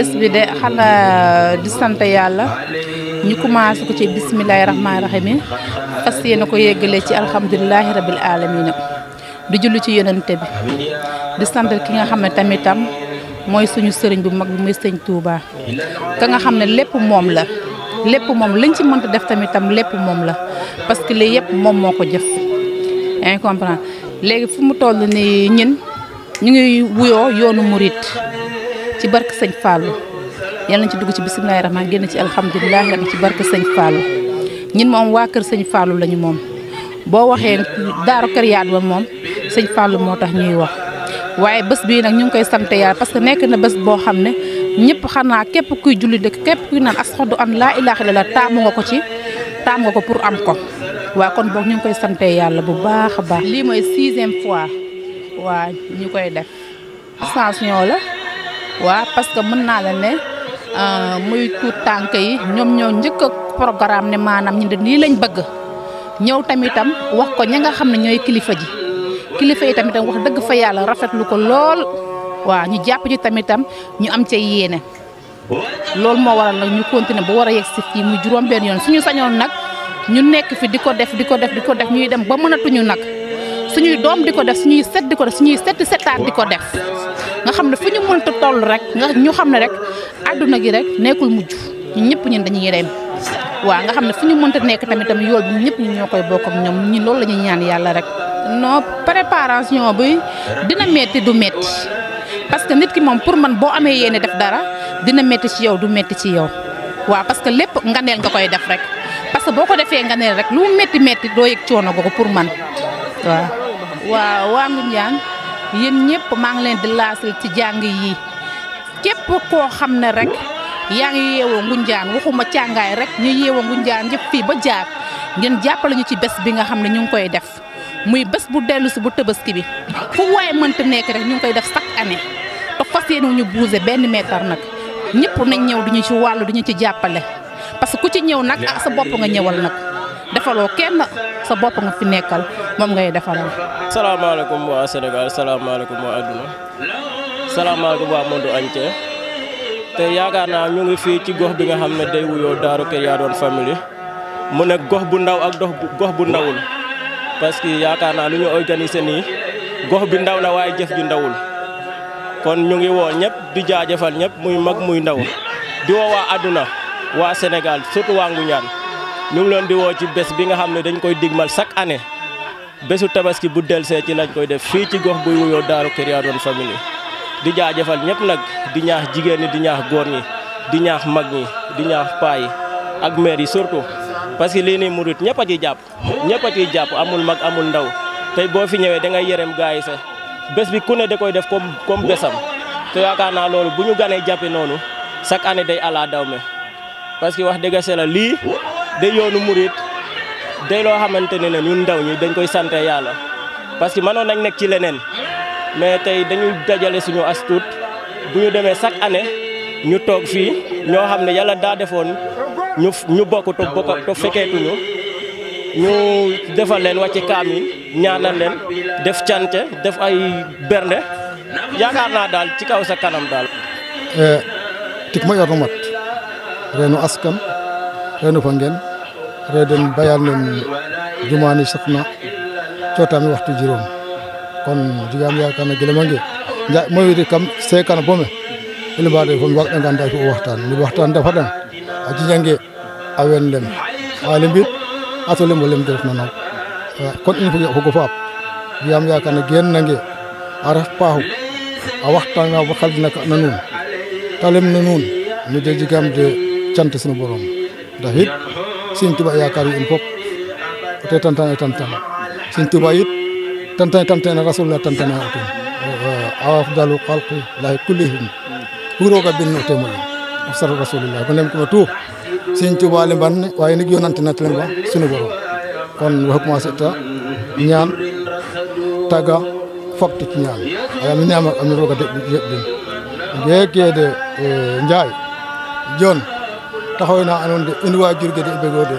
bés bi de xanaa di sant yàlla ñu commencé ko ci bisimilahi rahmaani rahim fas yéene ko yeggale ci alhamdulilahi rabil alamina di jullu ci yonente bi di sant ki nga xam ne tamitam mooy suñu sëriñ bu mag bi muy sëñ Touba ka nga xam ne lépp moom la lépp moom lañ ci mënta def tamitam lépp moom la parce que lii yëpp moom moo ko jëf léegi fu mu toll nii ñun ñu ngi wuyoo yoonu murit ci barke seigne fallu yalla nañ ci dugg ci bismillahir rahman genn ci alhamdullilah rabbi ci barke seigne fallu ñin mom wa keur seigne fallu lañu mom bo waxe daaru keur yaat ba mom seigne fallu motax ñuy wax waye bés bi nak ñu ngi koy sante yàlla parce que nekk na bés bo xamne ñepp xana xanaa képp kuy julli dekk képp kuy naan asxadu an la ilaha illallah la taamu nga ko ci taam nga ko pour am ko wa kon bok ñu ngi koy sante yalla bu baax baax li moy 6e fois wa ñu koy def ascension la wa parce que mën naa la ne euh, muy tout tànk yi ñoom ñoo njëkk programme ne maanaam ñi lii lañ bëgg ñëw tamitam wax ko ña nga xam ne ñooy kilifa ji kilifa yi tamitam wax dëgg fa yàlla rafetlu ko lool waa ñu jàpp ci tamitam ñu am ca yéene lool moo waral nag ñu continuer ba war a yegg si fii muy juróom benn yoon suñu sañoon nag ñu nekk fi di def di def di def ñuy dem ba mënatuñu nag suñuy doom di ko def suñuy set di ko def suñuy setti settaat di ko def nga xam ne fu ñu mënta toll rek nga ñu xam ne rek àdduna gi rek nekkul mujj ñun ñëpp ñun dañuy rem waa nga xam ne fu ñu mënta nekk tamit tamit yool bi ñëpp ñun ñoo koy bokk ak ñoom ñun loolu la ñuy ñaan yàlla rek. non préparation bi dina metti du metti parce que nit ki moom pour man boo amee yéene def dara dina metti ci yow du metti ci yow waa parce que lépp nganeel nga koy def rek parce que boo ko defee nganeel rek lu mu metti metti doo yëg coono ko pour man. wa wa waa Ngoundiane yeen ñepp ma ngi leen di laasal ci jang yi kep ko xamne rek yaa ngi ngun Ngoundiane waxuma ciangaay rek ñu ngun Ngoundiane yëpp fi ba jaar ngeen jàppale ñu ci bes bi nga xamne ñu ngi koy def muy bes bu delu su bu tabaski bi fu waay mënta nek rek ñu ngi koy def sax année te fas yéene ñu bouger benn mètre nak ñepp nañ ñew duñu ci walu duñu ci jappalé parce ku ci ñew nak ah, sa bop nga ñewal nak defalo kenn sa bop nga fi nekkal mom ngay wa senegal waa alaykum wa aduna adduna alaykum wa mondo antie te yaakaar naa ñu ngi fi ci gox bi nga xamne day wuyo daru ke ya doon Family mu nekk gox bu ndaw ak dox gox bu ndawul parce que yaakaar naa lu ñu organiser ni gox bi ndaw la way jef ju ndawul kon ñu ngi wo ñep di jaajeufal ñep muy mag muy ndaw di wo wa aduna wa senegal surtout wa ñu ngi leen di woo ci bés bi nga xam dañ koy digmal chaque année bésu tabaski bu delsee ci lañ koy def fii ci gox bu wuyoo daaru Kër Yadone di jaajëfal ñëpp nag di ñaax jigéen ñi di ñaax góor ñi di ñaax mag ñi di ñaax paa yi ak maire yi surtout parce que lii nii murit ñëpp a ci jàpp ñëpp a ci jàpp amul mag amul ndaw tey boo fi ñëwee da ngay yërem gars yi sax bés bi ku ne da koy def comme comme bésam te yaakaar naa loolu bu ñu ganee jàppe noonu chaque année day ala daw me parce que wax dëgg la lii day yoonu murit day loo xamante ne ne ñun ndaw ñi dañ koy sant yàlla parce que mënoon nañ nekk ci leneen mais tey dañu dajale suñu astut bu ñu demee chaque année ñu toog fii ñoo xam ne yàlla daa defoon ñu ñu bokk to bokk to fekkeetuñu ñu defal leen wàcc kaam yi ñaanal leen def cante def ay bernde yaakaar naa daal ci kaw sa kanam daal eh, tik ma yor mat reenu askan reeno fa ngeen reeden bayal nen jumaani satna cotami waxtu juróom kon jigam yakana gelemange ja moyide kam sekana bome ele mbaɗo fof mi waɗɗangan da ko o waxtan mi waxtan dafa ɗan a jiñange a wenlem haali mbit atolem o lemde refna noon kon in fof yoɓogo faap jiyam yakana gennange a ref paaxu a waxtanga fo xaldina ka na nuun ta lem na nuun mi de jigam de cante sino borom ndax it sëñ Tuubaa yaakaar yu in fop o te tantane tantane sëñ Tuubaa it tantane tantane rasulullah tantane o ten awa afdalu xalqi lahi kullihim ku rooga bin o te moƴan afsar ko ndem kuma tout sëñ Tuubaa le waaye nag yonante na len ba sunu borom kon waxu commencé ta ñaan taga fopti ci ñaan aya mi ñaama am na rooga deɓ deɓ din ngeeke de Njaay Joon taxawaynaa anon de in waajurge de i mbegoo de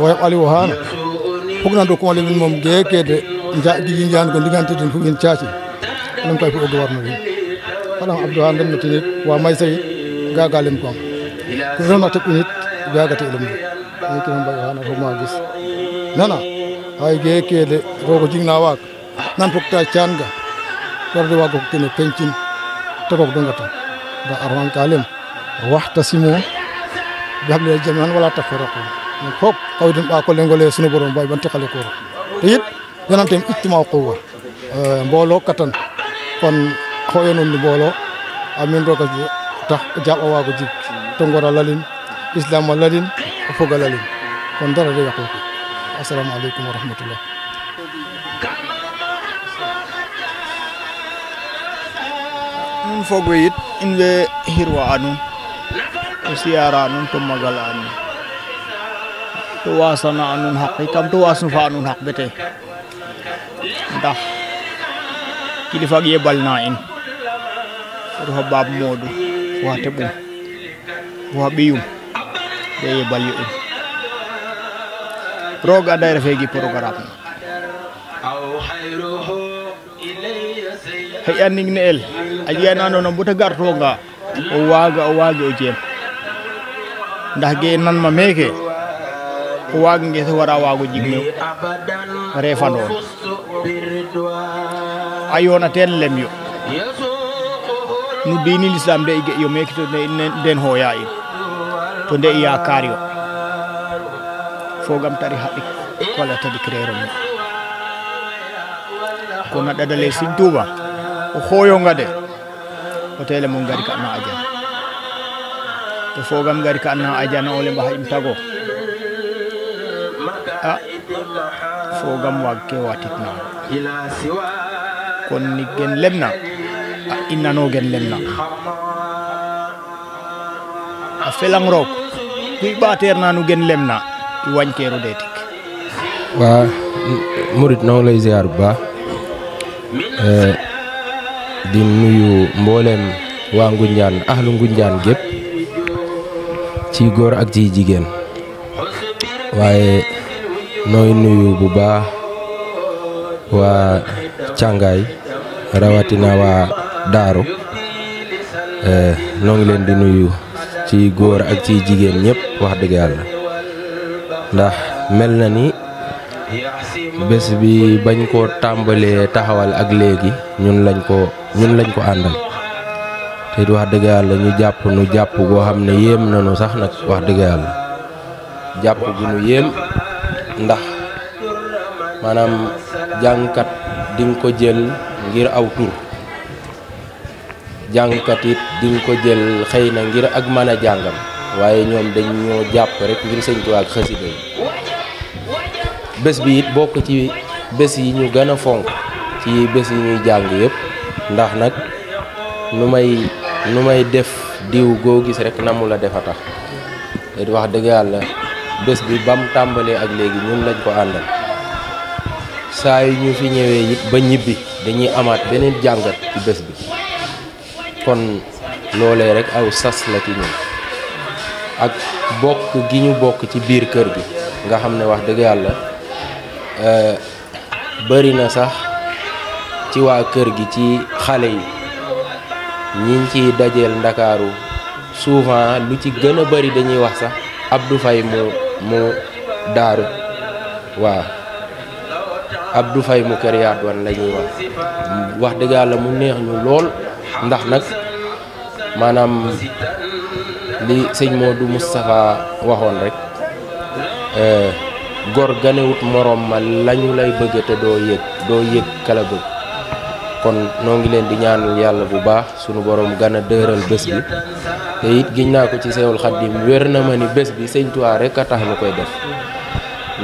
woyof Aliou Hane foogna ndokuwale wiin moom geeke de nja njaan go ndigante den wiin caaci nam kay fo'oogu warno wiin xalam Abdou Hane remna tin it wa maysa yit gaaga lem ku refna teƥ te i lem yeke no Mbaye Hane a fog ma gis nana xaye geeke de roog o nan fogta caan ga war de waago fog kene pencin te roog de ngata ndaa a refan ka jable jaman wala takora ko fop kawdum ba ko lengole sunu borom bay ban takale ko te yit yonantem ittima ko wa eh, mbolo katan kon hoyonum ni bolo amin roka ji tax jaba wa ko ji to ngora lalin islam lalin foga lalin kon dara de yakko assalamu alaikum wa rahmatullah mun fogo yit inwe hirwa anun siaranun tuasa na anun hak, ikam tuwasun fa anun hak bete dah kini fagi e balnain ruha bab modu wa tebu um. wa biu, de e balyu roga dayra fegi programme hay anning ne el ajiyana anu no no buta garto nga o waga o waga o jem ndax geen nan ma meeke o waagangee so wara waag o jigmeew reefanoon a yoona teen lem yo nu diini l'islam de i yo meeke to den hooya in to nde i yaakaar yo foogam tari haɗik wala tadik reero me kono a ɗaɗale sin tuuba o xooyonga de o teele mo ngari ka na a to fogam gari ka annaha adiana o lemba xaƴim taago a ah, fogam waag ke watit na kon ni gen lemna a ah, i nano gen lemna a ah, felang roog kuy ɓateer na nu gen lemna i wañkeero de tig wa murit noo ngi lay ziar bu eh, di nuyu mboolem waa Ngunjaan ahlu Ngunjaan gépp ci góor ak ci jigéen waaye nooy nuyu bu baax waa càngaay rawatina waa daaru eh, noo ngi leen di nuyu ci góor ak ci jigéen ñëpp wax dëgg yàlla ndax mel na ni bés bi bañ ko tàmbalee taxawal ak léegi ñun lañ ko ñun lañ ko àndal te du wax dëgg ñu japp nu japp go xamne yem nañu sax nak wax dëgg yàlla jàpp gu ñu yem ndax manam jangkat ding ko jël ngir aw tour jangkat it ding ko jël xeyna ngir ak mana jangam waye ñom dañ ñoo japp rek ngir señ ak xassibe bes bi it ci bes yi ñu gëna fonk ci bes yi ñuy jang yépp ndax nak numay numay def diw go gis rek namu la defa tax te wax deug yalla bes bi bam tambale ak léegi ñun lañ ko andal say ñu fi ñewé it ba ñibbi dañuy amaat benen ci bes bi kon lolé rek aw sas la ci ñun ak bok gi ñu bok ci biir kër bi nga xamné ne deug yalla euh bari na sax ci wa kër gi ci xalé yi ñi ñu ciy dajeel ndakaaru souvent lu ci gën a bari dañuy wax sax Abdou Faye mu mu daaru ab du fay mu kër yaatuwan la wax wax dëgg yàlla mu neex ñu lool ndax nag maanaam li sëñ moo du Moustapha waxoon rek eh, gor ganewut moroom ma lañu lay bëgg te doo yëg doo yëg kala bëgg kon no ngi len di ñaanal yalla bu baax sunu borom gana deural dëral bi te it giñ na ko ci sewul khadim werna ma ni bés bi sëñ Tuubaa rek a tax nu def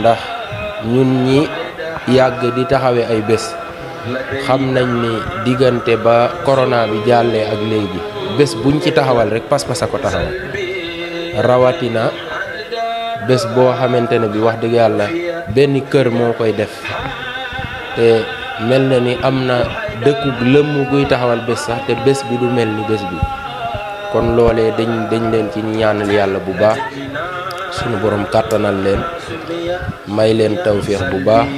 ndax ñun ñi yag di taxawé ay bés xam nañ ni digënté ba corona bi jallé ak légui bés buñ ci taxawal rek pas-pas rawatina bes bo xamantene bi wax deug yalla benn kër mo koy def te mel ni amna Deku lëmm guy taxawal bes sax te bes bi du melni ni bi kon lolé dañ dañ len ci ñaanal yalla bu baax suñu borom katanal len may len tawfiq bu baax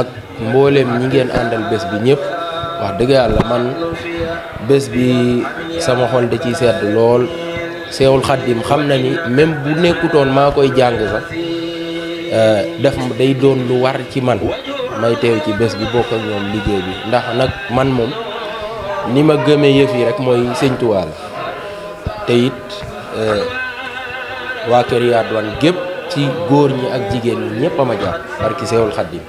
ak mbooleem ñi ngeen andal bes bi ñepp wax deug yalla man bes bi sama xol da ci sedd lol seewul khadim xamna ni même bu nekkutoon ma koy jang sax euh, def day doon lu war ci man may teew ci bés bi bokkal ak ñoom liggéey bi ndax nag man moom ni ma gëmee yëf yi rek mooy sëñ Tuubaa te it euh, waa kër Yaat Wane gépp ci góor ñi ak jigéen ñi ñëpp a ma jàpp barki Seexul Xaddim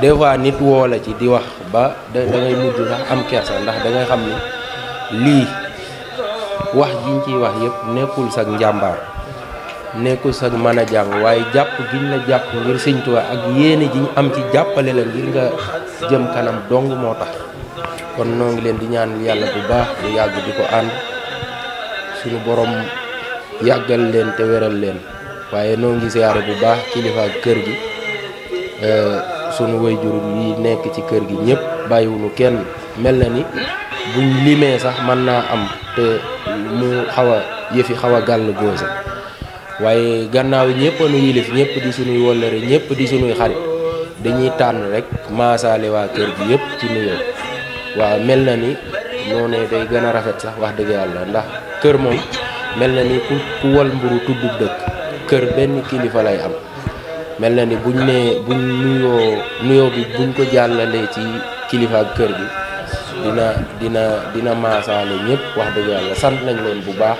des fois nit woo la ci di wax ba da ngay mujj ndax am kersa ndax dangay xam ni lii wax jiñ ciy wax yëpp nekkul sax njàmbaar nekkul sa mën a jàng waaye jàpp giñ la jàpp ngir sëñ ak yéene ji am ci jàppale la ngir nga jëm kanam dong moo tax kon noo ngi leen di ñaan yàlla bu baax ñu yàgg di ko ànd suñu boroom yàggal leen te weral leen waaye noo ngi siyaare bu baax kilifa kër gi euh, suñu wayjur yi nekk ci kër gi ñëpp bàyyiwuñu kenn mel na ni buñ limee sax mën naa am te mu xaw a yëfi xaw a gàll góose waaye gannaaw ñëpp nu yilif ñëpp di suñuy wollëre ñëpp di suñuy xarit dañuy tànn rek maasaale waa kër gi yëpp ci nuyoo waaw mel na ni moo ne day gën a rafet sax wax dëgg yàlla ndax kër moom mel na ni ku ku wal mburu tudd dëkk kër benn kilifa lay am mel na ni buñ nee buñ nuyoo nuyoo bi buñ ko jàllalee ci kilifa ak kër gi dina dina dina maasaale ñëpp wax dëgg yàlla sant nañ leen bu baax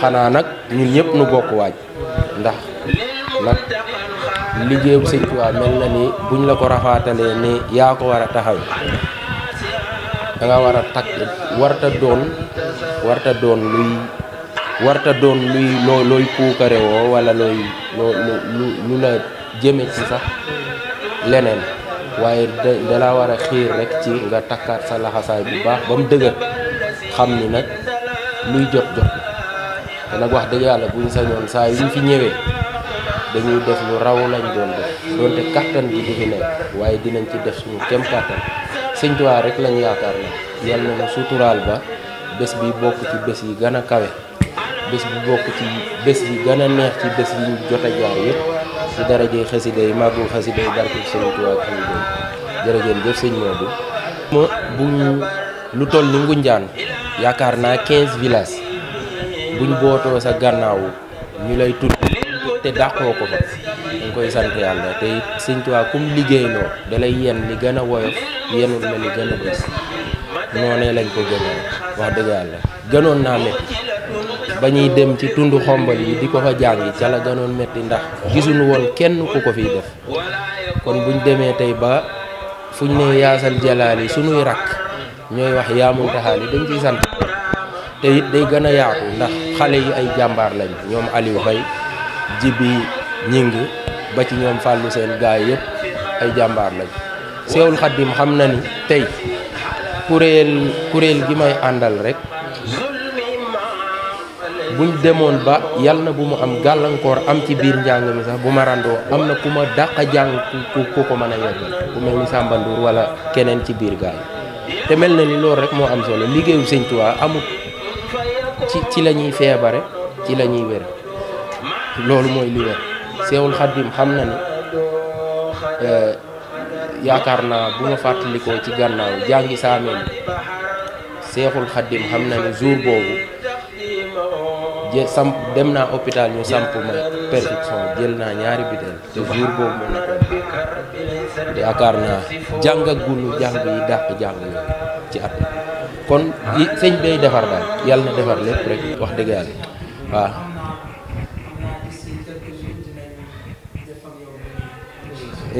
xanaa nag ñun ñëpp nu bokk waaj ndax nag liggéeyu sëñ Tuubaa mel na ni buñ la ko rafaatalee ni yaa ko war a taxaw danga nga war a takk warta doon warta doon luy doon luy loo looy puukare woo wala looy loo lu la jëme ci sax leneen waaye da la war xiir rek ci nga takkaat sa laxasaay bu baax ba mu dëgër xam ni nag luy jot jot na te nag wax dëgg yàlla buñ sañoon saa yuñ fi ñëwee dañuy def lu raw lañ doon def doonte kàttan gi du fi nekk waaye dinañ ci def suñu kem kàttan Sëñ Tuubaa rek lañ yaakaar na yàlla na suturaal ba bés bi bokk ci bés yi gën a kawe bés bi bokk ci bés yi gën a neex ci bés yi jot a jaar yëpp ci darajey xasida yi màggul xasida yi barke Sëriñ Tuubaa ak xasida yi jëf sëñ Moodu ma buñ lu toll ni Ngunjaan yaakaar naa 15 villages buñ bootoo sa gannaawu ñu lay tudd te dàqoo ko fa dañ koy sant yàlla te Sëriñ Tuubaa kum liggéey noo dalay yenn li gën a woyof yenul la li gën a bés noonee lañ ko gënoon wax dëgg yàlla gënoon naa métti ba ñuy dem ci tund xombal yi di ko fa jàngi ca la gënoon metti ndax gisuñu woon kenn ku ko fiy def kon buñ demee tey ba fuñ ne yaasal jalaal yi suñuy rakk ñooy wax yaamun taxaal yi dañ ciy sant te it day gën a yaatu ndax xale yi ay jàmbaar lañ ñoom Aliou Faye Jibi ñing ba ci ñoom fàllu seen gaa yëpp ay jàmbaar lañ Seexul Xaddim xam na ni tey kuréel kuréel gi may àndal rek buñ demoon ba yal na bu mu am gàllankoor am ci biir njàng mi sax bu ma randoo am na ku ma dàq jàng ku ko mën a yeggal ku mel ni Samba Ndour wala keneen ci biir gaay te mel na ni loolu rek moo am solo liggéeyu Sëñ Tuubaa amut ci ci la ñuy feebare ci la ñuy wér loolu mooy li wér Seexul Xaddim xam na ni eh, yaakaar naa bu ma fàttalikoo ci gannaaw jàngi saameen Seexul Xaddim xam na ni jour boobu jël samp dem naa hôpital ñu samp ma perfection jël naa ñaari butéel te jour boobu moo nekkoon yaakaar naa jàngagulu jàng yi dàq jàng yooyu ci at kon sëñ day defar daal yàlla na defar lépp rek wax dëgg yàlla waaw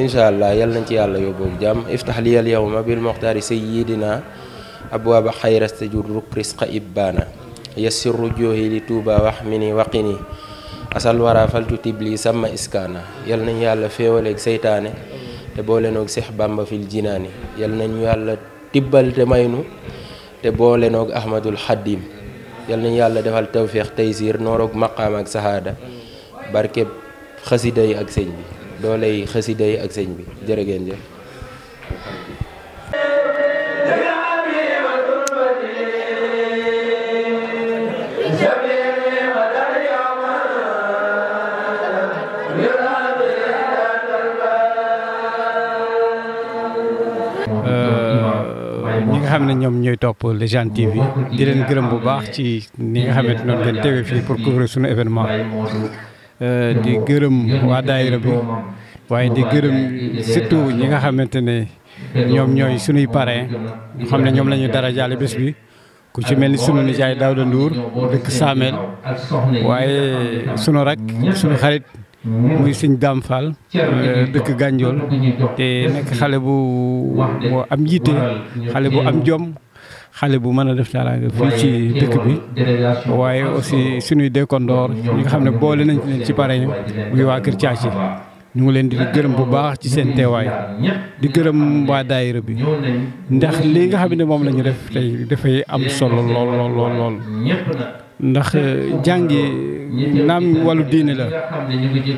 incha allah yal nañ ci yàlla yóbboog jàmm iftax liyal yawma bil muxtaari sayyidina abwaaba xayra tajurru risqa ibbaana يسر جوهي لتوبا واحمني وقني asal wara faltu tibli sama iskaana yal nañ yàlla féewaleeg seytaane te boole noog Seex Bàmba fil jinaani yal nañu yàlla tibbal te maynu te boole noog Ahmadul Xaddim yal nañ yàlla defal tawféex taysiir nooroog maqaam ak sahaada barkeb xasida yi ak sëñ bi dooley xasida yi ak sëñ bi jërë ngeen jëf xam ne ñoom ñooy topp Légane TV di leen gërëm bu baax ci ni nga xamante noonu ngeen teewee fii pour couvrir suñu événement euh, di gërëm waa daayira bi waaye di gërëm surtout ñi nga xamante ne ñoom ñooy suñuy parrain xam ne ñoom la ñu dara jaale bés bi ku ci mel ni sunu nijaay Daouda Ndour dëkk Samel waaye sunu rak sunu xarit muy suñ Dame Fall eh, dëkk Gànjool te nekk xale bu bu am yitte xale bu am jom xale bu mën a def teraanga fii ci dëkk bi waaye aussi suñuy dëkkandoor ñi nga xam ne boole nañ leen ci pare ñu muy waa Kër Caaci ñu ngi leen di gërëm bu baax ci seen teewaay di gërëm waa daayira bi ndax lii nga xam ne moom la def tey dafay am solo lool lool lool lool ndax euh, jàngi naam wàllu diine la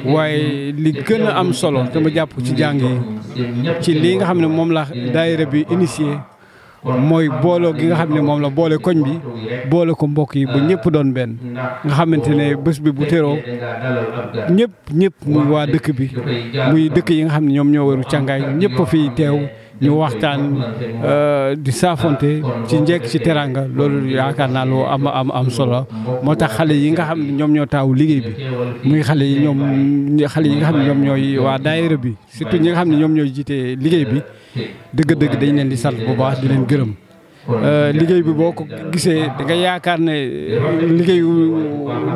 waaye li gën a am solo te jàpp ci jàng yi ci lii nga xam ne moom la daayira bi initié mooy booloo gi nga xam ne moom la boole koñ bi boole ko mbokk yi ba ñëpp doon benn nga xamante ne bés bi bu teroo ñëpp ñëpp muy waa dëkk bi muy dëkk yi nga xam ne ñoom ñoo waru càngaay ñëpp a fiy teew ñu waxtaan euh, di saafonte ci njekk ci teranga loolu yaakaar naa lu am am am solo moo tax xale yi nga xam ni ñoom ñoo taawu liggéey bi muy xale yi ñoom xale yi nga xam ne ñoom ñooy waa daayira bi surtout ñi nga xam ne ñoom ñooy jiite liggéey bi dëgg-dëgg dañ leen di sant bu baax di leen gërëm euh, liggéey bi boo ko gisee da yaakaar ne euh, liggéeyu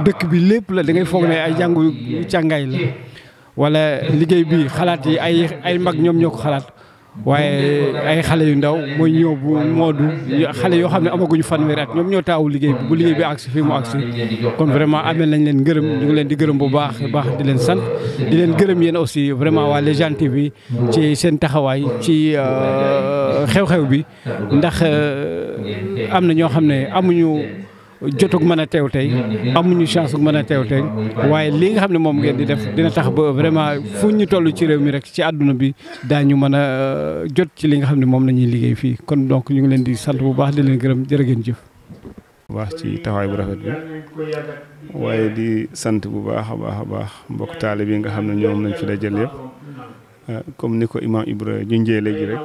dëkk bi lépp la da ngay foog ne ay jàngu càngaay la wala liggéey bi xalaat yi ay mag ñoom ñoo ko xalaat waaye ay xale yu ndaw mooy ñëw bu moodu xale yoo xam ne amaguñu fanweeri at ñoom ñoo taawu liggéey bi bu liggéey bi agsi fii mu agsi kon vraiment amel nañ leen gërëm ñu ngi leen di gërëm bu baax baax di leen sant di leen gërëm yéen aussi vraiment waa Légane TV ci seen taxawaay ci euh, xew-xew bi ndax euh, am na ñoo xam ne amuñu jotug mën a teew tey amuñu chance mën a teew tey waaye li nga xam ne moom ngeen di def dina tax ba vraiment fu ñu toll ci réew mi rek ci àdduna bi daañu mën a euh, jot ci li nga xam ne moom lañuy liggéey fii kon donc ñu ngi leen di sant bu baax di gërëm jërë ngeen jëf. ci taxawaay bu rafet bi waaye di sant bu baax a baax a baax mbokk taale bi nga xam ne ñoom lañ fi dajale yëpp euh, comme ni ko imaam Ibra junjee léegi rek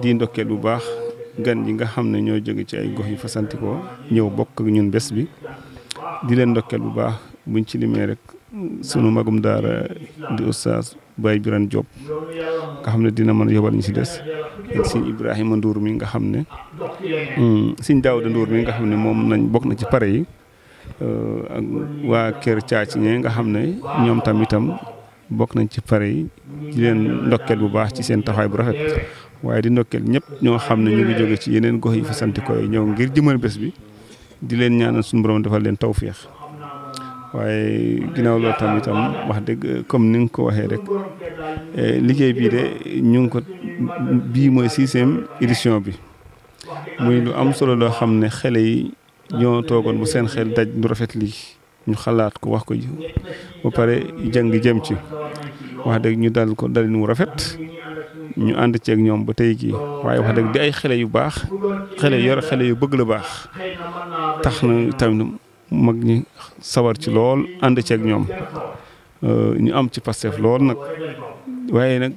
di ndokkeel bu baax. gan ñi nga xam ne ñoo jóge ci ay gox yu fasantikoo ñëw bokk ak ñun bés bi di leen ndokkeel bu baax buñ ci limee rek sunu magum daara di oustaz Baye Birane joob nga xam ne dina mën yobal ñu si des ak sëñ Ibrahima Ndour mi nga xam ne mm, sëñ Daawda nduur mi nga xam ne moom nañ bokk na ci pare yi euh, ak waa Kër Caaci ñee nga xam ne ñoom tam itam bokk nañ ci pare yi di leen ndokkeel bu baax ci seen taxawaay bu rafet waaye di ndokkeel ñëpp ñoo xam ne ñu ngi jóge ci yeneen gox yi fa sant ko ñëw ngir jëmal bés bi di leen ñaanal suñu borom defal leen tawféex waaye ginnaaw loolu tam itam wax dëgg comme ni nga ko waxee rek eh, liggéey bii de ñu ngi ko bii mooy sixième édition bi muy lu am solo loo xam ne xele yi ñoo toogoon bu seen xel daj lu rafet li ñu xalaat ko wax ko ji ba pare jàng jëm ci wax dëgg ñu dal ko dalin wu rafet ñu ànd ceeg ñoom ba tey gi waaye wax dëgg di ay xale yu baax xale yor xale yu bëgg la baax tax na tamit mag ñi sawar ci lool ànd ceeg ñoom euh, ñu am ci Pastef lool nag waaye nag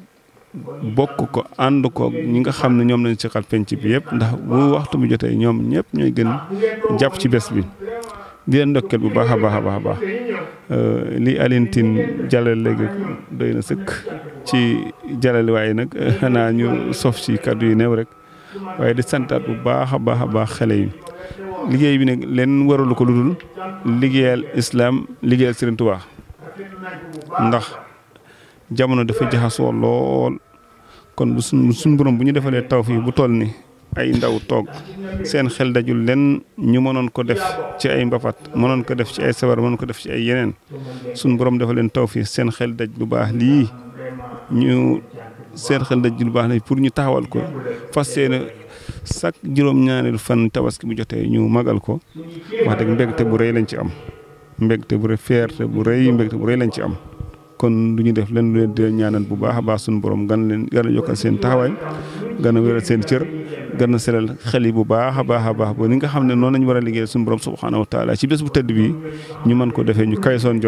bokk ko ànd ko ñi nga xam ne ñoom lañ ci xal penc bi yëpp ndax bu waxtu bi jotee ñoom ñëpp ñooy gën jàpp ci bés bi di leen ndokkeel bu baax a baax a baax a baax euh, li Alioune Tine jàllale léegi doy na sëkk ci jàllale waaye nag euh, xanaa ñu sof ci kàddu yu néew rek waaye di santaat bu baax a baax a baax xele yi liggéey bi nag leen waralu ko lu dul liggéeyal islaam liggéeyal Sëriñ Tuubaa ndax jamono dafa jaxasoo lool kon bu suñ suñ borom bu ñu defalee taw fii bu toll nii ay ndaw toog seen xel dajul lenn ñu mënoon ko def ci ay mbapat mënoon ko def ci ay sabar mënoon ko def ci ay yeneen suñ borom dafa leen taw fii seen xel daj bu baax lii ñu seen xel daj lu baax la pour ñu taxawal ko fas yéene chaque juróom-ñaareelu fan tabaski bu jotee ñu magal ko wax dëgg mbégte bu rëy lañ ci am mbégte bu rëy fierté bu rey rëy mbégte bu rey lañ ci am. kon du ñu def leen lu leen di ñaanal bu baax a baax suñu borom gan leen gën a yokkal seen taxawaay gën a wéral seen cër gën a selal xel yi bu baax a baax a baax ba ni nga xam ne noonu lañ war a liggéey suñu borom subhaanahu wa taala ci bés bu tëdd bi ñu mën ko defee ñu kay soon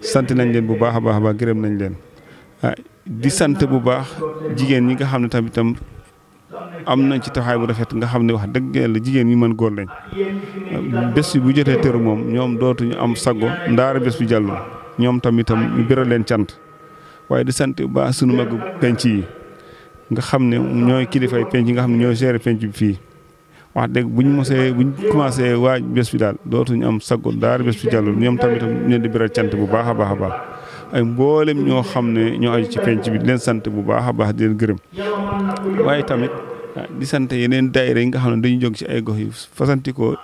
sant nañ leen bu baax a baax a baax gërëm nañ leen ah, di sant bu baax jigéen ñi nga xam ne tamitam am nañ ci taxaay bu rafet nga xam ne wax dëgg yàlla jigéen ñi mën góor lañ bés bu jotee tëru moom ñoom dootuñu am sago ndaara bés bi jàllul ñoom tamitam ñu biral leen cant waaye di sant bu baax sunu mag penc yi nga xam ne ñooy kilifay penc nga xam ne ñooy gérer penc bi fii wax dëgg buñ mosee buñ commencé waaj bés bi daal dootuñu am saggoon daara bés bi jàllul ñoom tamit ñu di biral cant bu baax a baax a baax ay mboolem ñoo xam ne ñoo aju ci penc bi di leen sant bu baax a baax di leen gërëm waaye tamit di sant yeneen daayira yi nga xam ne dañu jog ci ay gox yi fasantikoo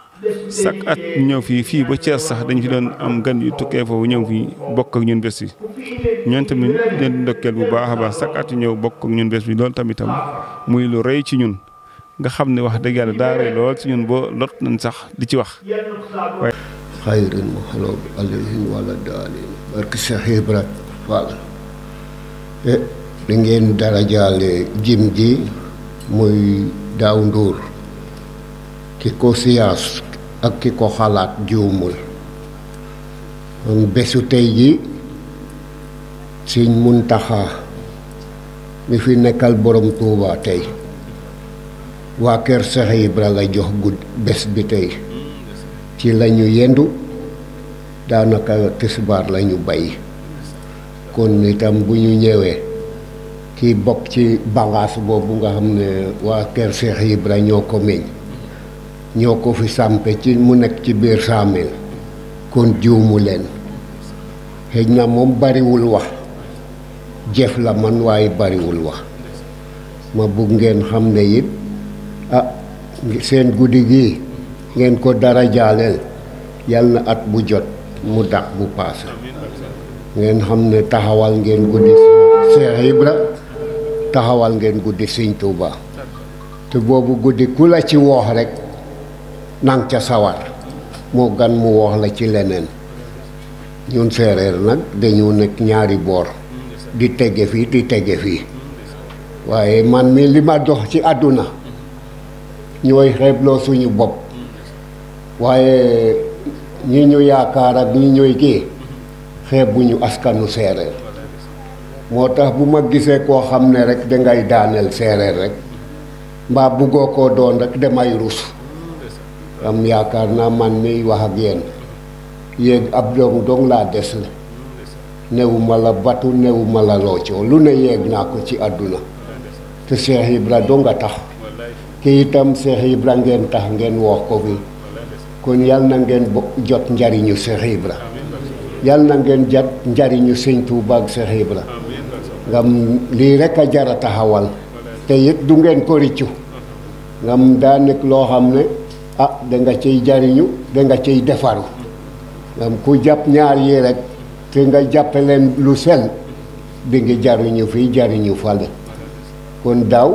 sak at ñew fi fi ba ci sax dañ fi doon am gan yu tukke fo ñew fi bok ak ñun bes yi ñon tamit den ndokkeel bu baax ba sak at ñew bok ak ñun bes bi loolu tamit tam muy lu reey ci ñun nga xam wax deug yalla daa rëy lool ci ñun bo lot nañ sax di ci wax waaye xayrin alayhi wa la dalil bark sahib rat Ibra e eh, li ngeen dara jale jim ji muy ndur ki ko siyas ak ki ko xalaat juumul bésu tey ji mun Muntaxa mi fi nekkal borom Tuuba tey waa kër Seex Ibra la jox gudd bés bi tey ci lañu yendu daanaka tisbaar lañu bay kon itam bu ñu ñëwee kii bokk ci bagaas boobu nga xam ne waa kër Seex Ibra ñoo ko meññ ñoko fi sampe ci mu nek ci bir saamil kon juumu len hejna mom bari wul wax jef la man bari wul wax ma bu ngeen xamné yit ah seen guddi gi ngeen ko dara jaalel at bu jot mu dak bu paase ngeen xamné ne taxawal ngeen guddi cheikh Ibra taxawal ngeen guddi seigne touba te bobu guddi kula ci wox rek nang ca sawar moo gan mu wax la ci leneen ñun séeréer nag dañu nekk ñaari boor di tegge fii di tegge fii waaye man mi li ma dox ci àdduna ñooy xeebloo suñu bopp waaye ñi ñu yaakaar ak ñi ñooy kii xeebuñu askanu séeréer moo tax bu ma gisee koo xam ne rekk dangay daaneel séeréer rekk mbaa buggoo ko doon rek damay rus am yaakaar naa man miy wax ak yéen yéeg ab dong dong laa des la newuma la batu newuma la loocoo lu ne yéeg naa ko ci àdduna te Cheikh Ibra dong a tax ki itam Cheikh Ibra ngeen tax ngeen wax ko fi kon yal na ngeen jot njariñu Cheikh Ibra yal na ngeen jot njariñu Sëñ Tuuba ak Cheikh la ngam lii rekk a jara taxawal te it du ngeen ko riccu ngam daa nekk loo xam ne ah da nga cay jariñu danga ciy cay defaru am ku jàpp ñaar yi rek te nga jàppe leen lu sell bi ngi jariñu fii jariñu fàlle kon daw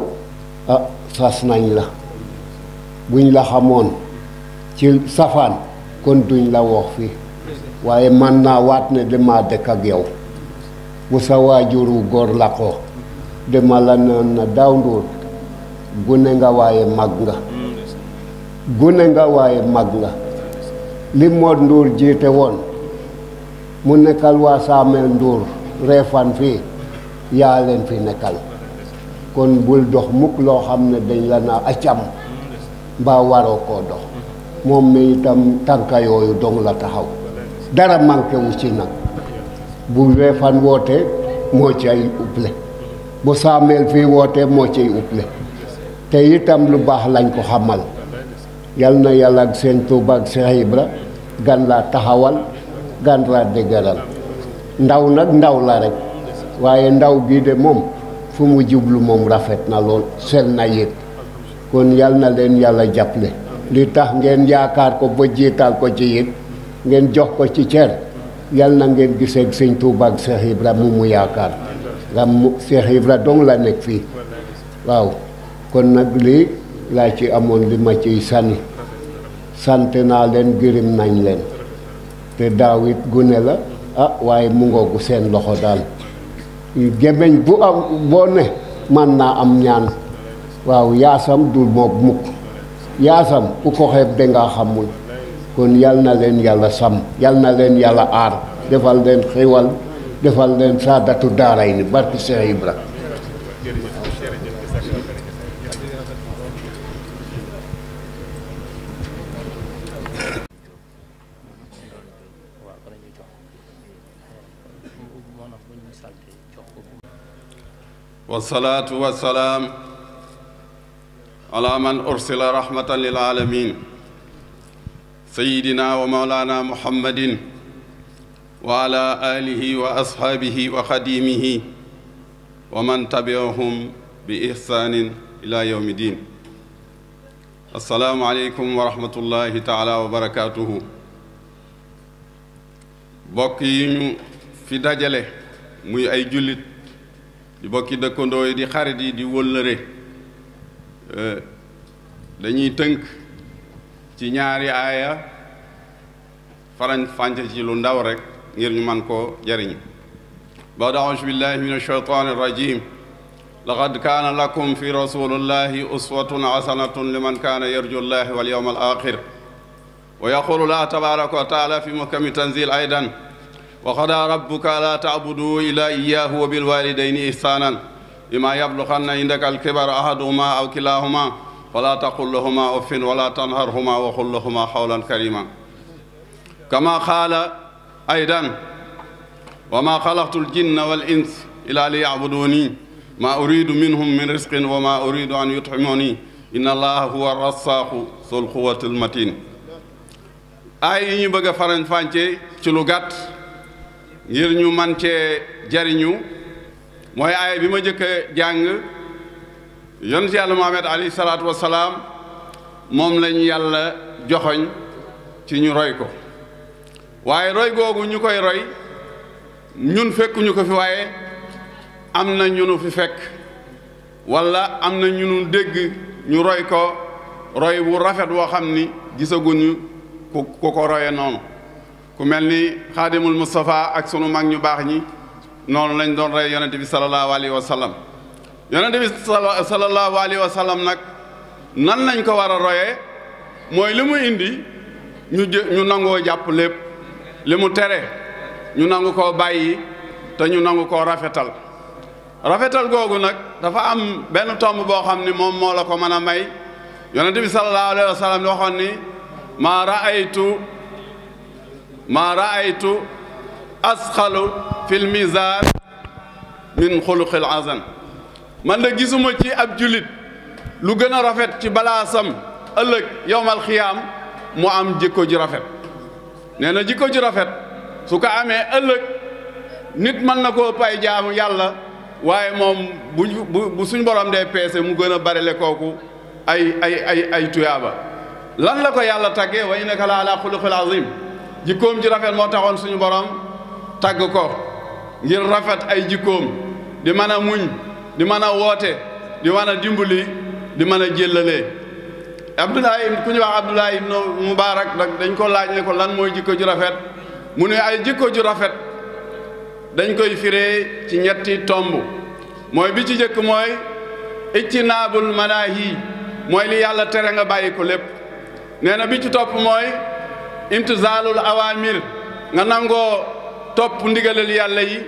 ah sas nañ la buñ la xamoon ci safaan kon duñ la wax fii waaye mën naa waat ne damaa dëkk ak yow bu sa waajuru góor la ko dama la naan na daaw ndóor gune nga waaye mag nga gune nga waaye mag la li Nduur jiite woon mu nekkal waa Saamel Nduur reefan fii yaa leen fi nekkal kon bul dox mukk loo xam ne dañ la naa acam mbaa waroo koo dox moom mi itam tànka yooyu dong la taxaw dara manqué ci nag bu reefan woote moo ci ay bu Saamel fii woote moo ci ay uple te itam lu baax lañ ko xamal yal na yàlla ak seen Tuuba ak Seex Ibra gan laa taxawal gan laa dëgëral ndaw nag ndaw la rek waaye ndaw bii de moom fu mu jublu moom rafet na lool sel na yéeg kon yal na leen yàlla jàppale li tax ngeen yaakaar ko ba jiital ko ci it ngeen jox ko ci cer yal na ngeen gisee sëñ Tuuba ak Seex Ibra mu mu yaakaar nga mu Seex Ibra la nekk fii waaw kon nag lii laa ci amoon li ma ciy sànni sante naa leen gërëm nañ leen te daawit it gune la a ah, waaye mu ngoogu seen loxo daal gémmiñ bu am boo ne man naa am ñaan waaw yaasam du moog mukk yaasam ku ko xeeb dangaa xamul kon yal na leen yàlla sàmm yal na leen yàlla aar defal leen xiwal defal leen saadatu daaray ni barki Cheikh Ibra والصلاة والسلام على من أرسل رحمة للعالمين سيدنا ومولانا محمد وعلى آله وأصحابه وخديمه ومن تبعهم بإحسان إلى يوم الدين السلام عليكم ورحمة الله تعالى وبركاته bokk في دجلة مي أي جلد di bokki dëkkandoo yi di xarit yi di wëllëre eh, dañuy tënk ci ñaari aaya farañ fànc ci lu ndaw rek ngir ñu man ko jariñ بعد أعوذ بالله من الشيطان الرجيم لقد كان لكم في رسول الله أسوة حسنة لمن كان يرجو الله واليوم الآخر ويقول الله تبارك وتعالى في مكم تنزيل أيضا وقضى ربك لا تعبدوا إلا إياه وبالوالدين إحسانا إما يبلغن عندك الكبر أحدهما أو كلاهما فلا تقل لهما أف ولا تنهرهما وقل لهما قولا كريما كما قال أيضا وما خلقت الجن والإنس إلا ليعبدوني ما أريد منهم من رزق وما أريد أن يطعموني إن الله هو الرزاق ذو القوة المتين اي ني بغا a فانتي fànce لو lu ngir ñu man cee jariñu mooy aaya bi ma jëkk jàng yon si yàlla Muhammad alayhi salaatu wasalaam moom lañu yàlla joxoñ ci ñu roy ko waaye roy googu ñu koy roy ñun fekkuñu ko fi waaye am na ñu nu fi fekk wala am na ñu nu dégg ñu roy ko roy wu rafet woo xam ni gisaguñu ku ku ko roye noonu ku mel ni xaadimul Moustapha ak sunu mag ñu baax ñi noonu lañ doon rey yonente bi salallaahu alayhi wa sallam yonente bi salallaahu alayhi wa sallam nag nan lañ ko war a royee mooy li mu indi ñu jë ñu nangoo jàpp lépp li mu tere ñu nangu koo bàyyi te ñu nangu koo rafetal rafetal googu nag dafa am benn tomb boo xam ni moom moo la ko mën a may yonente bi salallaahu alayhi waxoon ni maa raaytu ما رأيت أسخل في الميزان من خلق العزم من لجسم تي أبجلد لجنا رفت تي بلا سم ألك يوم الخيام مو أم جيكو جرافت نانا جيكو جرافت سوكا أمي ألك نيت من نكو باي جام يالا waye mom bu suñu borom day pesé mu gëna barélé koku ay ay ay ay tuyaba lan la ko yalla taggé wayna kala jikkoom ji rafet moo taxoon suñu borom tàgg ko ngir rafet ay jikkoom di mën a muñ di mën a woote di mën a dimbali di mën a jëllalee Abdoulaye ku ñu wax Abdoulaye ibnu Mubaarak dañ ko laaj ne ko lan mooy jikko ju rafet mu ne ay jikko ju rafet dañ koy firee ci ñetti tomb mooy bi ci njëkk mooy ijtinaabul manaahi mooy li yàlla tere nga bàyyi ko lépp nee bi ci topp mooy imtisaalul awaamir nga nangoo topp ndigalal yàlla yi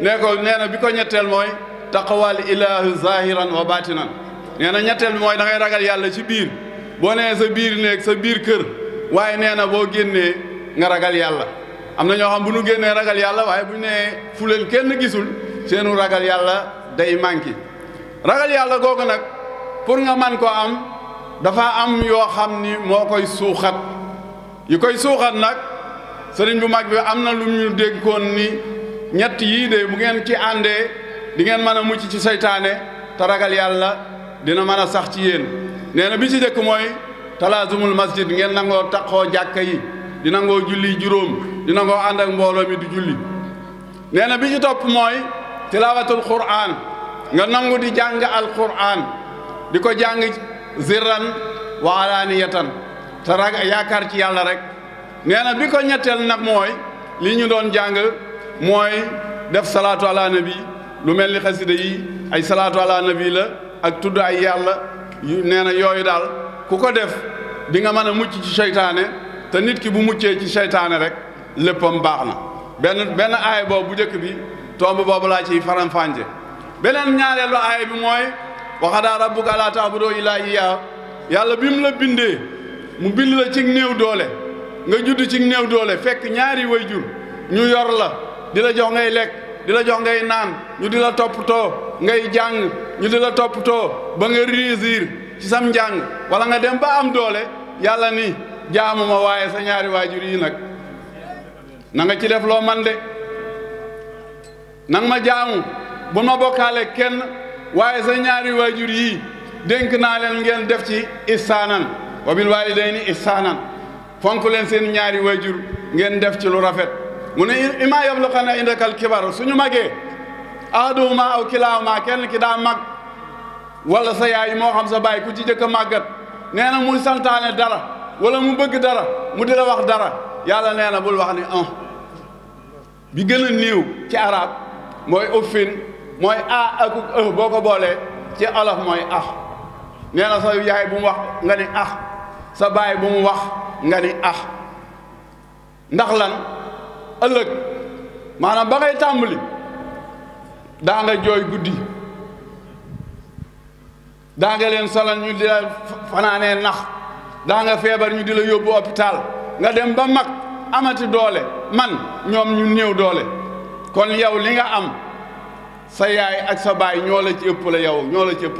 nee ko nee na bi ko ñetteel mooy taqawal ilaahi zahiran wa batinan nee na ñetteel bi mooy da ragal yàlla ci biir boo nee sa biir néeg sa biir kër waaye nee na boo génnee nga ragal yàlla am na ñoo xam bu ñu génnee ragal yàlla waaye bu ñu nee fu kenn gisul seenu ragal yàlla day manqué ragal yàlla googu nag pour nga man koo am dafa am yoo xam ni moo koy suuxat yi koy suuxat nag sëriñ bu mag bi am na lu ñu dénkoon ni ñett yii de bu ngeen ci àndee di ngeen mën a mucc ci seytaane te ragal yàlla dina mën a sax ci yéen nee bi ci njëkk mooy talaazumul masjid ngeen nangoo taxoo jàkka yi di nangoo julli juróom dina nangoo àndak ak mbooloo mi di julli nee na bi ci topp mooy tilaawatul quraan nga nangu di jàng al quraan di ko jàng zirran wa alaaniyatan te yaakaar ci yàlla rek nee na bi ko ñetteel nag mooy li ñu doon jàng mooy def salaatu ala nabi lu mel ni xasida yi ay salaatu ala nabi la ak tuddaay yàlla nee na yooyu daal ku ko def bi nga mën a mucc ci seytaane te nit ki bu muccee ci seytaane rek léppam baax na benn benn aay boobu bu njëkk bi tomb boobu laa ciy faram-fànce beneen ñaareelu aay bi mooy waxadaa rabbuka laa taabudu illaa yàlla bi mu la bindee mu bind la ci néew doole nga judd ci néew doole fekk ñaari way ñu yor la di la jox ngay lekk di la jox ngay naan ñu di la toppatoo ngay jàng ñu di la toppatoo ba nga réussir ci sam njàng wala nga dem ba am doole yàlla ni jaamuma waaye sa ñaari waajur yi nag na ci def loo man de nang ma jaamu bu ma bokkaale kenn waaye sa ñaari waajur yi dénk naa leen ngeen def ci istaanan wa bil walidayni ihsanan fonk leen seen ñaari wayjur ngeen def ci lu rafet mu ne ima yablughanna indaka al kibar suñu magee ahaduhuma aw kilahuma kenn ki daa mag wala sa yaay moo xam sa baay ku ci jëkk a màggat nee na muy santaane dara wala mu bëgg dara mu di la wax dara yàlla nee na bul wax ni ah bi gën a néew ci arab mooy uffin mooy a ak ëh boo ko boolee ci olof mooy ah nee na sa yaay bu mu wax nga ni ah sa baay bu mu wax nga ni ah ndax lan ëllëg maanaam ba ngay tàmbali daa jooy guddi daa leen solal ñu di la fanaanee nax daa feebar ñu di la yóbbu hôpital nga dem ba mag amati doole man ñoom ñu néew doole kon yow li nga am sa yaay ak sa baay ñoo la ci ëpp la yow ñoo la ci ëpp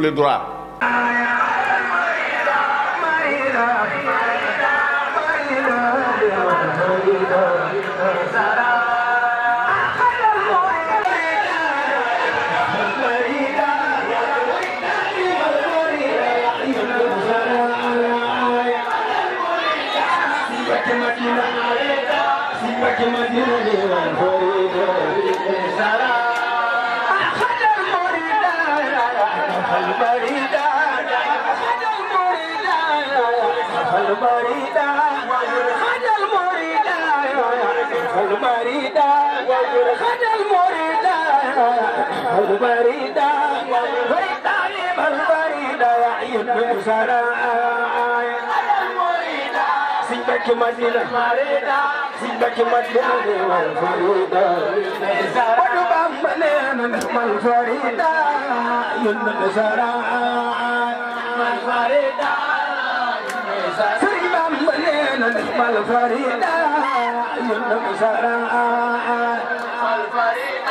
بريدا بريدا لمن بريدا يعين بسرا سيدك مدينة مريدا سيدك مدينة والفريدا ودبا ملينا والفريدا يمن بسرا والفريدا سيدك مدينة والفريدا يمن بسرا والفريدا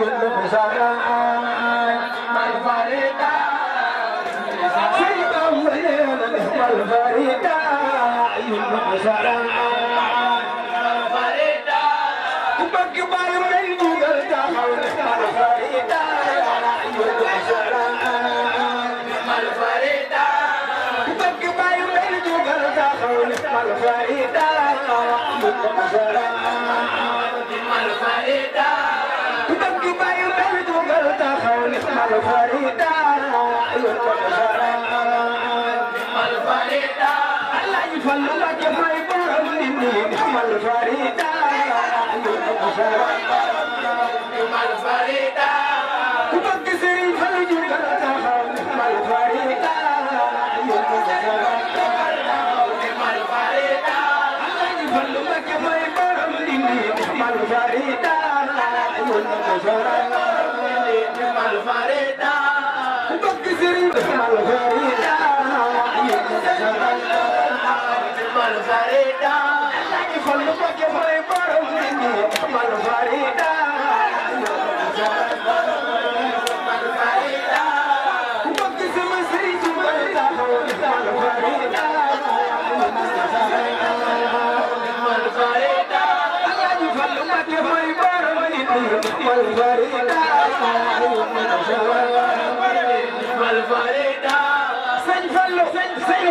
كل بشر الفريدة سيد أولين هو الفريدة عيون بشر الفريدة كبك باي من جوجل تحول الفريدة عيون بشر الفريدة كبك باي من جوجل تحول الفريدة عيون بشر الفريدة باي بلد وقلت خوني مال فريدا يركض خرا مال فريدا الله يفل لك باي بلد مال فريدا يركض خرا مال فريدا كبك سري فلج وقلت خوني مال فريدا يركض خرا مال فريدا الله يفل لك باي بلد مال فريدا Farida, والفريدة والفريدة سيف سيف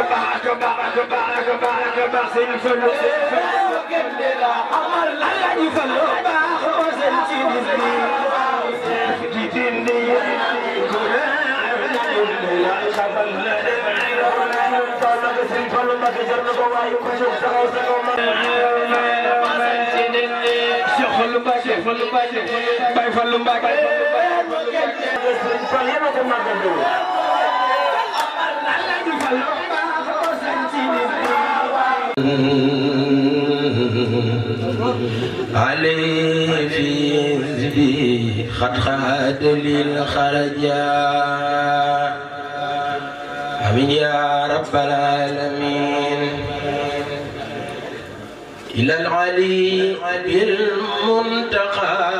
أكبر أكبر أكبر أكبر أكبر سين فلو كمدلا أمر لا يفلو باخو سنتي دي دين دي كنا لا شبل لا طلب سين فلو ما كجر نبوا يكشف سوا سوا ما فلو باكي فلو باكي باي فلو باكي فلو باكي فلو باكي علي في حزبي قد خاد لي امين يا رب العالمين الى العلي بالمنتقى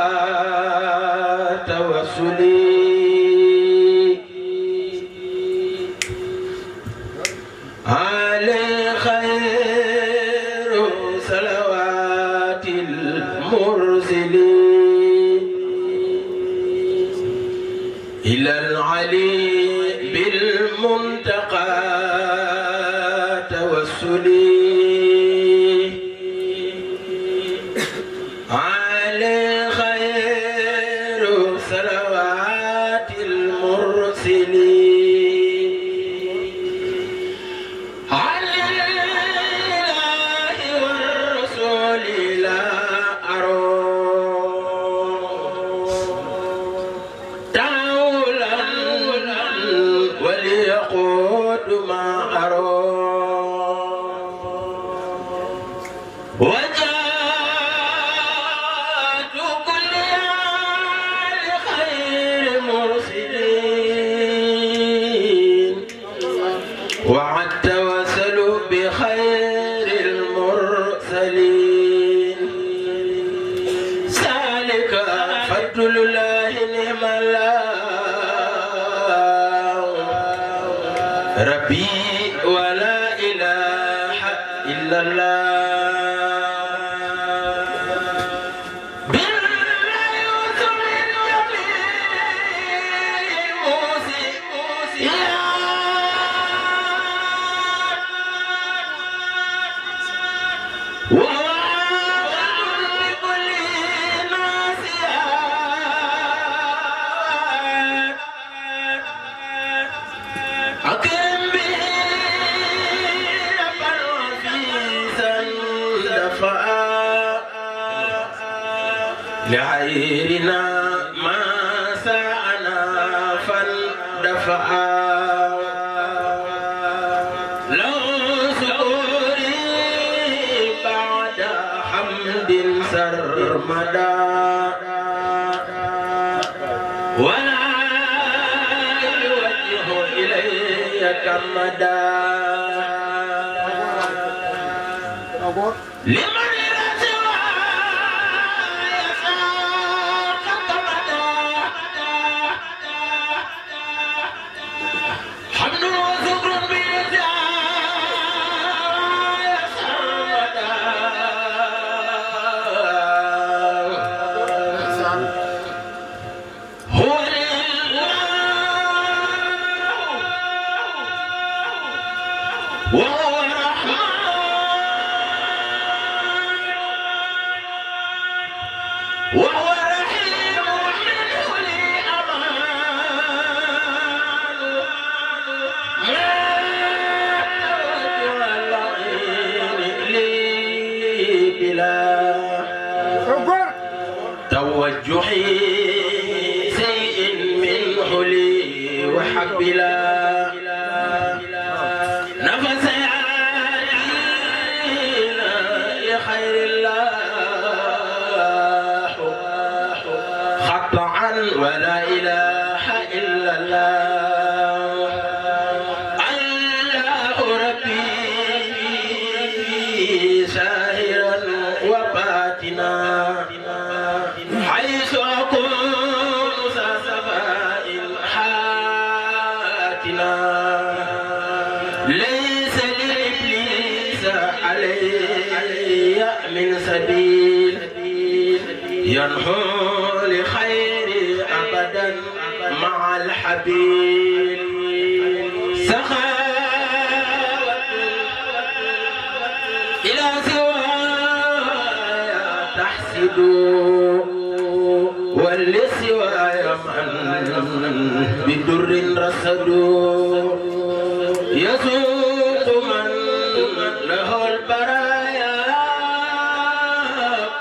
Hallelujah. Lima بدر در رصد يسوق من له البرايا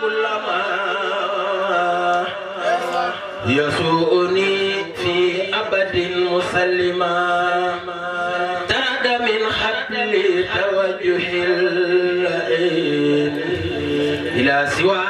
كلما يسوءني في أبد مسلما تاد من حبل توجه إلى سواه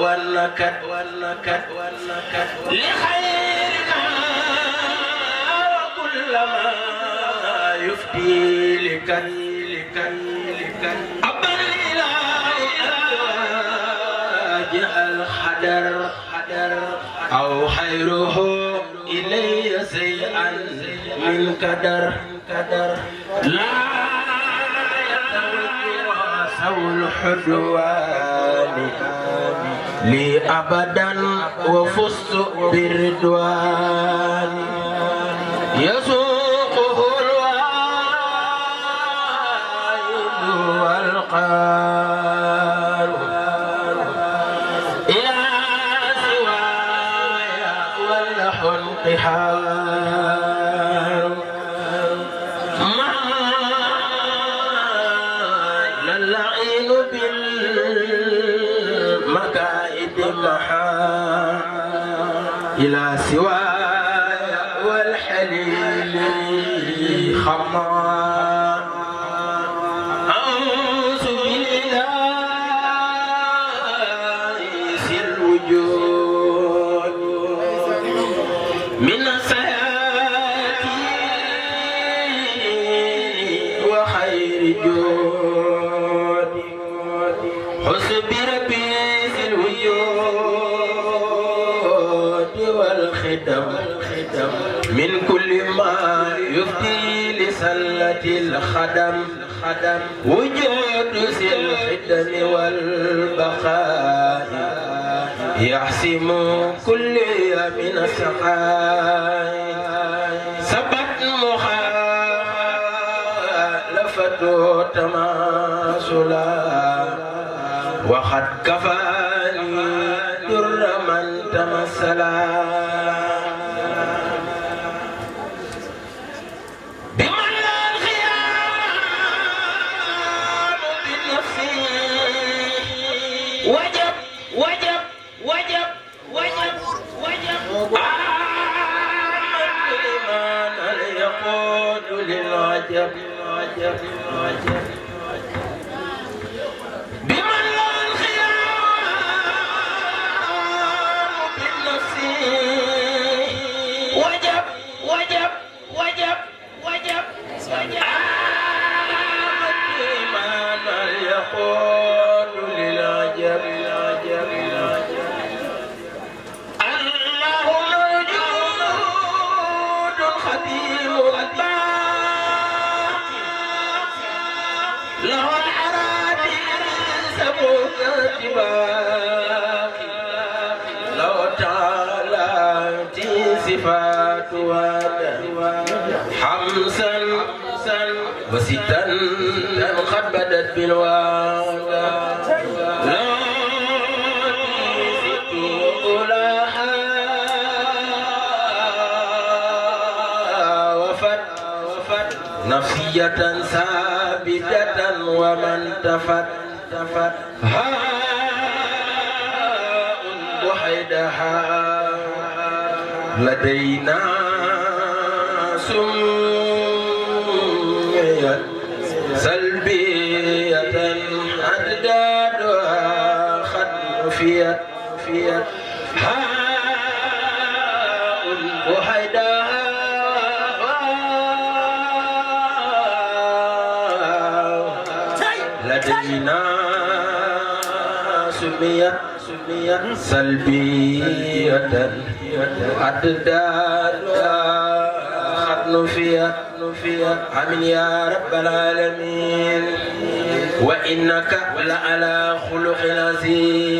ولك ولك ولك لخيرك لخيرنا ما يفدي لك لك لك أبا الإله الحدر حدر أو خيره إلي شيئا من قدر قدر لا يتوجه سوى الحدوان لي أبدا وفزت برضوان يسوقه الوائد والقادر الوجود ربي في الوجود والختم من كل ما يفدي لسلة الخدم وجود الخدم والبقاء يحسم كل من سقاء تماثلا وقد كفاني در من تمثلا الصفات حمسا وستا قد بدت بالواد نفسية ثابتة ومن تفت تفت لدينا سمية سلبية أجدادها خد فيا فيت حاء لدينا سمية سلبية آمين يا رب العالمين وإنك لعلى خلق عظيم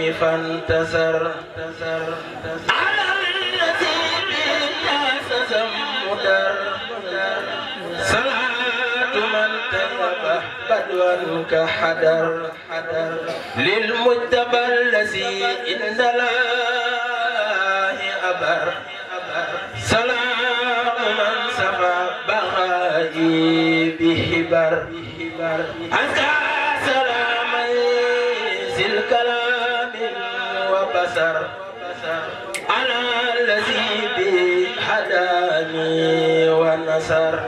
الظلم فانتصر على الذي بالناس مدر صلاة من تنبه بدوا كحدر للمجتبى الذي إن الله أبر سلام من سفى بغائي بهبر أنت سلام بشر على الذي به حداني ونصر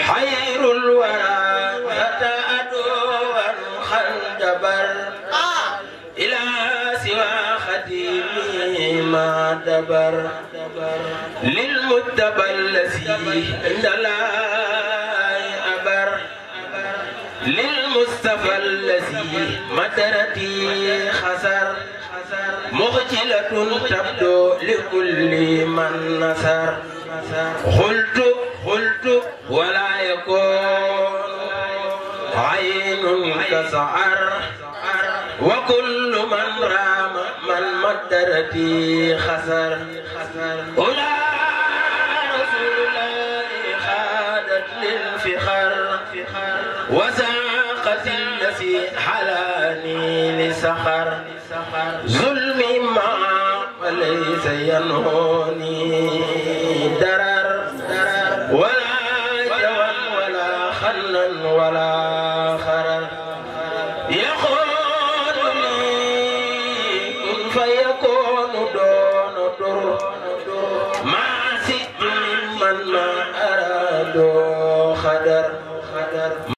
حير الورى فتى عدوا خندبر إلى سوى خديمي ما دبر للمتبى الذي عند الله أبر للمصطفى الذي مترتي خسر مغتلة تبدو لكل من نثر قلت قلت ولا يكون عين كسعر وكل من رام من مدرتي خسر أولا رسول الله خادت للفخر وساقت النسي حلاني لسخر জানো